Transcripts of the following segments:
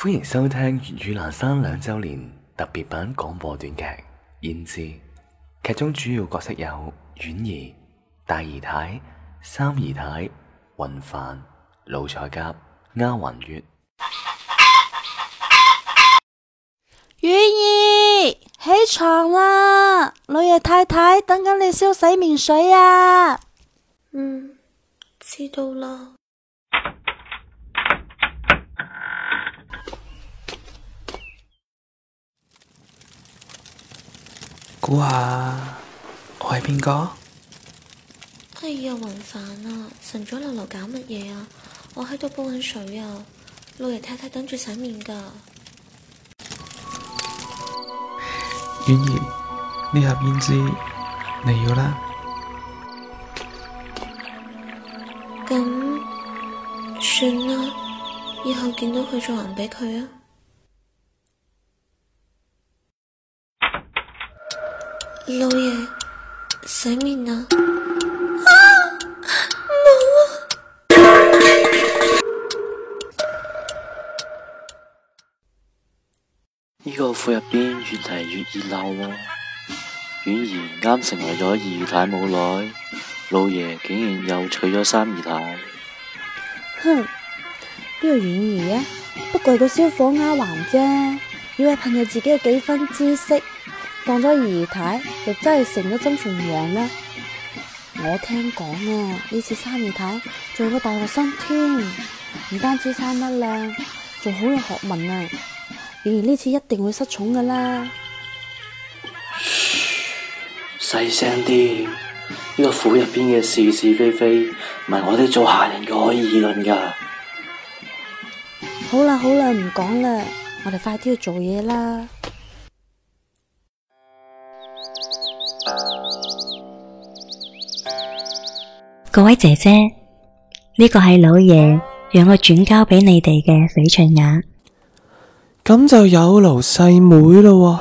歡迎收聽粵語闌珊兩周年特別版廣播短劇《胭脂》，劇中主要角色有婉兒、大姨太、三姨太、雲帆、老彩甲、丫鬟月。婉兒，起床啦！老爺太太等緊你燒洗面水啊！嗯，知道啦。估下我係邊個？哎呀，雲帆啊，晨早流流搞乜嘢啊？我喺度煲緊水啊，老爺太太等住洗面噶。婉兒，呢盒胭脂你要啦。咁算啦，以後見到佢就還畀佢啊。老爺，洗面啊，冇啊！呢、啊、個府入邊越嚟越熱鬧喎、啊。婉兒啱成為咗二太冇耐，老爺竟然又娶咗三姨太。哼，呢個婉兒啊，不過個燒火丫鬟啫，以為憑住自己嘅幾分知識。當咗二姨太，就真係成咗真鳳凰啦！我聽講啊，呢次三姨太仲係個大學生添，唔單止生得靚，仲好有學問啊！然而呢次一定會失寵噶啦。細聲啲，呢、這個府入邊嘅是是非非，唔係我哋做下人嘅可以議論噶。好啦好啦，唔講啦，我哋快啲去做嘢啦。各位姐姐，呢個係老爺讓我轉交俾你哋嘅翡翠眼，咁就有勞細妹啦喎。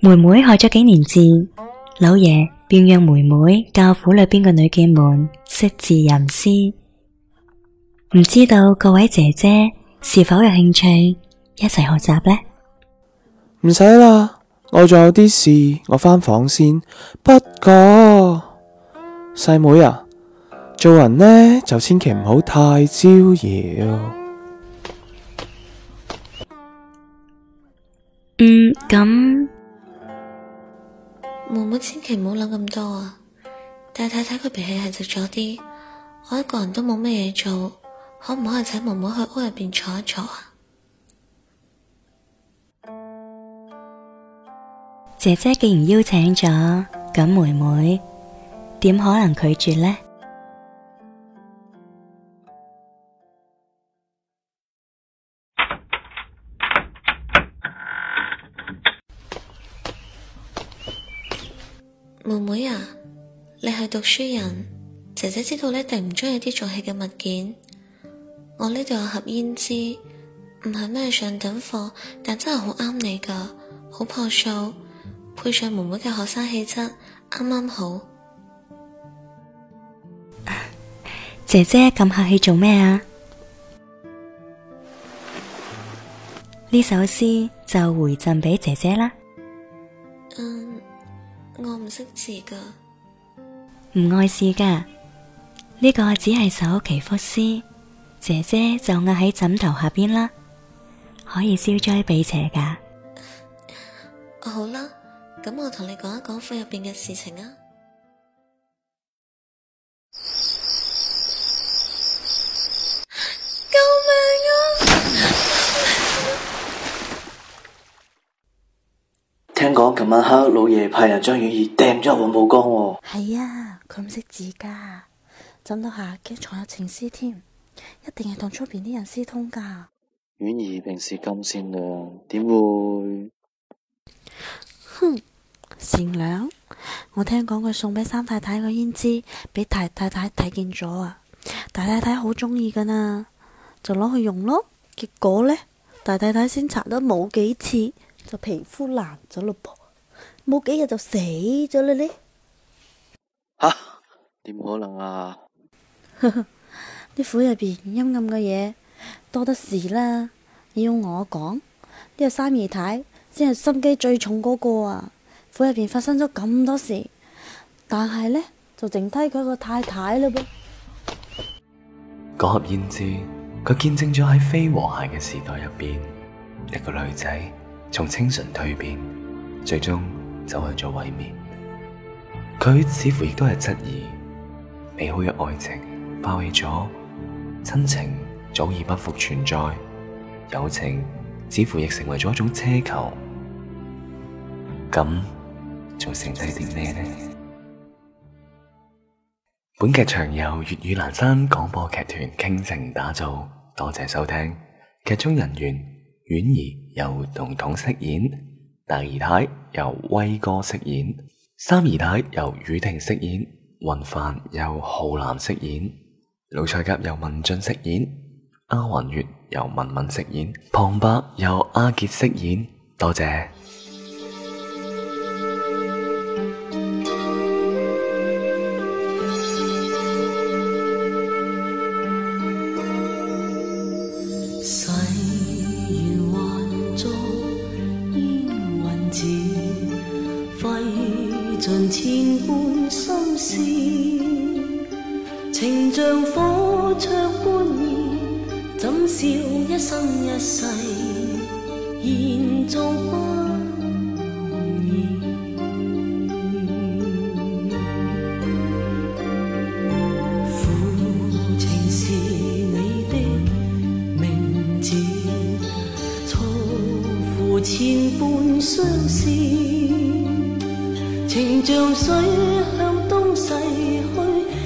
妹妹學咗幾年字，老爺便讓妹妹教府裏邊嘅女眷們識字吟詩。唔知道各位姐姐是否有興趣一齊學習呢？唔使啦。我仲有啲事，我翻房先。不過細妹啊，做人呢就千祈唔好太招搖。嗯，咁妹妹千祈唔好諗咁多啊。大太太佢脾氣係直咗啲，我一個人都冇咩嘢做，可唔可以請妹妹去屋入邊坐一坐啊？姐姐既然邀請咗，咁妹妹點可能拒絕呢？妹妹啊，你係讀書人，姐姐知道你哋唔中意啲俗氣嘅物件。我呢度有盒胭脂，唔係咩上等貨，但真係好啱你噶，好樸素。配上妹妹嘅學生氣質，啱啱好。 姐姐咁客氣做咩啊？呢 首詩就回贈俾姐姐啦。嗯，我唔識字噶，唔礙 事噶。呢、呢個只係首祈福詩，姐姐就壓喺枕頭下邊啦，可以消災避邪噶。好啦。咁我同你講一講府入邊嘅事情啊！救命啊！聽講琴晚黑老爺派人將婉兒掟咗入黃浦江喎。係啊，佢唔識字噶，枕頭下驚藏有情詩添，一定係同出邊啲人私通噶。婉兒平時咁善良，點會？哼！善良，我聽講佢送畀三太太個胭脂，俾大太太睇見咗啊。大太太好中意噶啦，就攞去用咯。結果呢，大太太先搽得冇幾次，就皮膚爛咗咯，噃，冇幾日就死咗嘞。呢吓、啊，點可能啊？呵呵， 啲府入邊陰暗嘅嘢多得是啦。要我講，呢個三姨太先係心機最重嗰個啊。府入邊發生咗咁多事，但係咧就淨低佢個太太嘞噃。嗰盒胭脂，佢見證咗喺非和諧嘅時代入邊，一個女仔從清純蛻變，最終走向咗毀滅。佢似乎亦都係質疑美好嘅愛情，拋棄咗親情，早已不復存在，友情似乎亦成為咗一種奢求。咁。仲剩低啲咩呢？本劇場由粵語闌珊廣播劇團傾情打造，多謝收聽。劇中人員：婉儀由童童飾演，大姨太由威哥飾演，三姨太由雨婷飾演，雲帆由浩南飾演，老蔡甲由文俊飾演，阿雲月由文文飾演，旁白由阿杰飾演。多謝。像火灼般熱，怎燒一生一世，延續不容易。負 情是你的名字，錯付千般相思，情像水向東逝去。